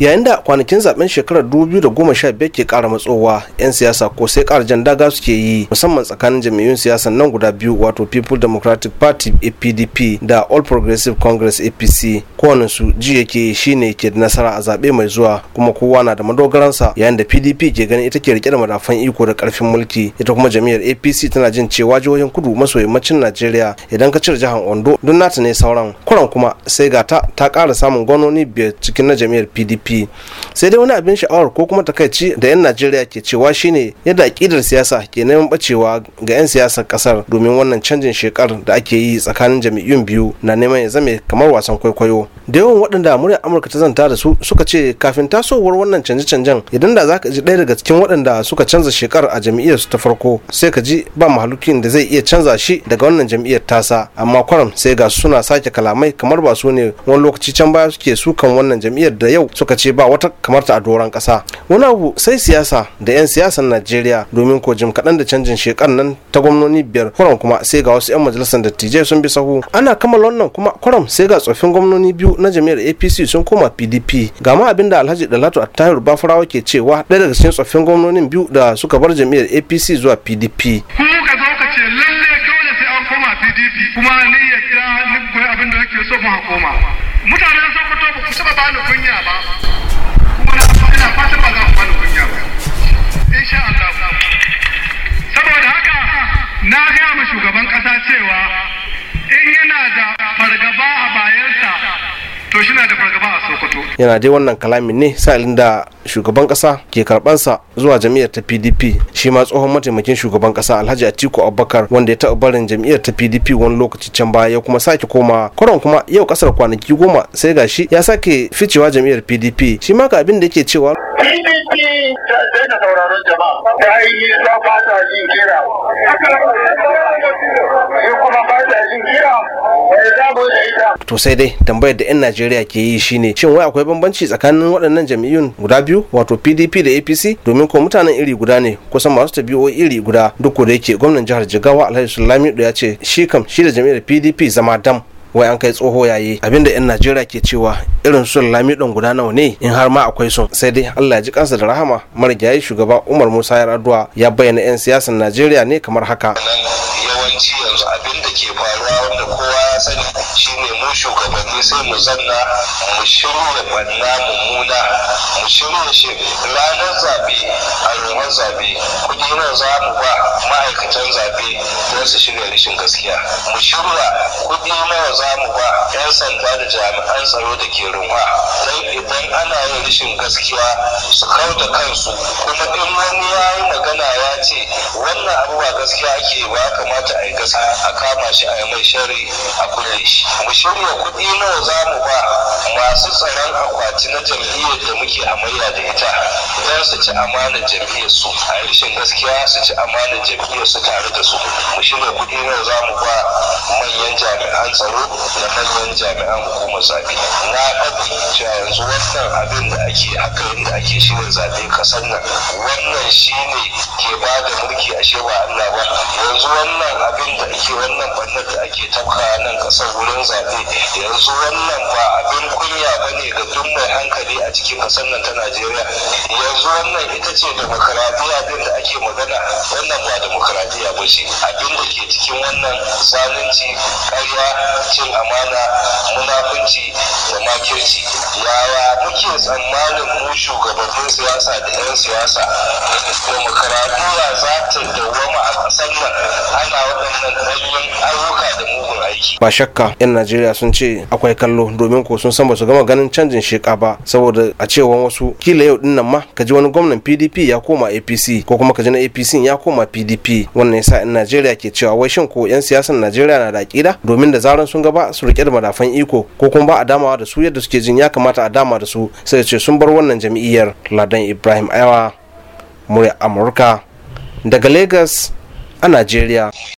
yayin da kwanakin zaben shekarar 2015 ke kara matsowa 'yan siyasa ko sai kara jan daga suke yi musamman tsakanin jam'iyyun siyasan nan guda biyu wato people democratic party apdp da all progressive congress apc kowane su ji yake shine ke da nasara a zaɓe mai zuwa kuma kowa na da madogaransa yayin da pdp ke ganin ita ke rike da madafan iko da karfin mulki ita kuma jami'ar apc tana jin cewa jihohin kudu maso yammacin najeriya idan ka cire jihar ondo don nata ne sauran kuran kuma sai ga ta kara samun gwanoni biyar cikin na jami'ar pdp pdp sai dai wani abin sha'awar ko kuma takaici da 'yan najeriya ke cewa shine yadda akidar siyasa ke neman bacewa ga 'yan siyasar kasar domin wannan canjin shekar da ake yi tsakanin jami'un biyu na neman ya zame kamar wasan kwaikwayo da yawan waɗanda muryar amurka ta zanta da su suka ce kafin tasowar wannan canje-canjen idan da za ka ji ɗaya daga cikin waɗanda suka canza shekar a jam'iyyar su ta farko sai ka ji ba mahalukin da zai iya canza shi daga wannan jam'iyyar tasa amma kwaram sai ga suna sake kalamai kamar ba su ne wani lokaci can baya suke sukan wannan jam'iyyar da yau suka suka ce ba wata kamarta a doron kasa wani abu sai siyasa da 'yan siyasan najeriya domin ko jim kaɗan da canjin shekar nan ta gwamnoni biyar kuram kuma sai ga wasu 'yan majalisar dattijai sun bi sahu ana kammala wannan kuma kuram sai ga tsoffin gwamnoni biyu na jami'ar apc sun koma pdp ga ma abin da alhaji dalatu attahiru bafarawa ke cewa ɗaya daga cikin tsoffin gwamnonin biyu da suka bar jami'ar apc zuwa pdp kuma ni yadda ni abin da nake so mu koma mutanen sokoto ba ku saba bani kunya ba kuma na ina fatan ba za ku bani kunya ba insha Allah saboda haka na gaya ma shugaban kasa cewa to da yana dai wannan kalamin ne sa'ilin da shugaban kasa ke karbansa zuwa jam'iyyar ta pdp shi ma tsohon mataimakin shugaban kasa alhaji atiku abubakar wanda ya taɓa barin jam'iyyar ta pdp wani lokaci can baya ya kuma sake koma kwaron kuma yau kasar kwanaki goma sai gashi ya sake ficewa jam'iyyar pdp shi ma ka abin da yake cewa kira to sai dai tambayar da 'yan najeriya ke yi shine shin wai akwai bambanci tsakanin waɗannan jam'iyyun guda biyu wato pdp da apc domin ko mutanen iri guda ne kusan masu tabi'o iri guda duk da yake gwamnan jihar jigawa alhaji sulami ya ce shi kam shi da jam'iyyar pdp zama dam wai an kai tsoho yayi abinda yan najeriya ke cewa irin sun lami don guda nawa ne in har ma akwai su sai dai allah ya ji kansa da rahama marigayi shugaba umar musa addu'a, ya bayyana yan siyasan najeriya ne kamar haka yawanci yanzu abin ke faruwa wanda kowa ya sani shine mu shugabanni sai mu zanna mu shirya wannan mummuna shirin shi ranar zaɓe a yawan zaɓe kuɗi nawa za mu ba ma'aikatan zaɓe don su shirya rashin gaskiya mu shirya kuɗi nawa za mu ba 'yan sanda da jami'an tsaro da ke rumwa don idan ana yin rashin gaskiya su kauta da kansu kuma in wani ya yi ce wannan abubuwa gaskiya ake ba kamata a yi gasa a kama shi a yi mai shari a kulle shi mu shirya kuɗi nawa za mu ba masu tsaron akwati na jam'iyyar da muke amayya da ita don su ci amanar jam'iyyar su a rashin gaskiya su ci amanar jam'iyyar su tare da su mu shirya kuɗi nawa za mu ba manyan jami'an tsaro da manyan jami'an hukumar zaɓe na cewa yanzu wannan abin da ake haka da ake shirin zaɓe kasar nan wannan shi ne ke ba da mulki ashe ba Allah ba yanzu wannan abin da ake wannan bannar da ake tafka nan kasar wurin zaɓe yanzu wannan ba abin kunya ba ne ga duk mai hankali a cikin kasar nan ta Najeriya yanzu wannan ita ce demokaradiyya din da ake magana wannan ba demokaradiyya ba ce abin da ke cikin wannan zalunci ƙarya cin amana munafunci da makirci yawa muke tsammanin mu shugabannin siyasa da 'yan siyasa demokaradiyya za ta dawama a ƙasar nan ana waɗannan ɗanyen ayyuka da mugun aiki ba shakka 'yan najeriya sun ce akwai kallo domin ko sun san ba su gama ganin canjin sheka ba saboda a cewa wasu kila yau dinnan ma kaji wani gwamnan pdp ya koma apc ko kuma kaji na apc ya koma pdp wannan yasa 'yan najeriya ke cewa wai shin ko 'yan siyasan najeriya na da aƙida domin da zaran sun gaba su riƙe da madafan iko ko kuma ba a damawa da su yadda suke jin ya kamata a dama da su sai ce sun bar wannan jam'iyyar ladan ibrahim aiwa murya amurka daga lagos a najeriya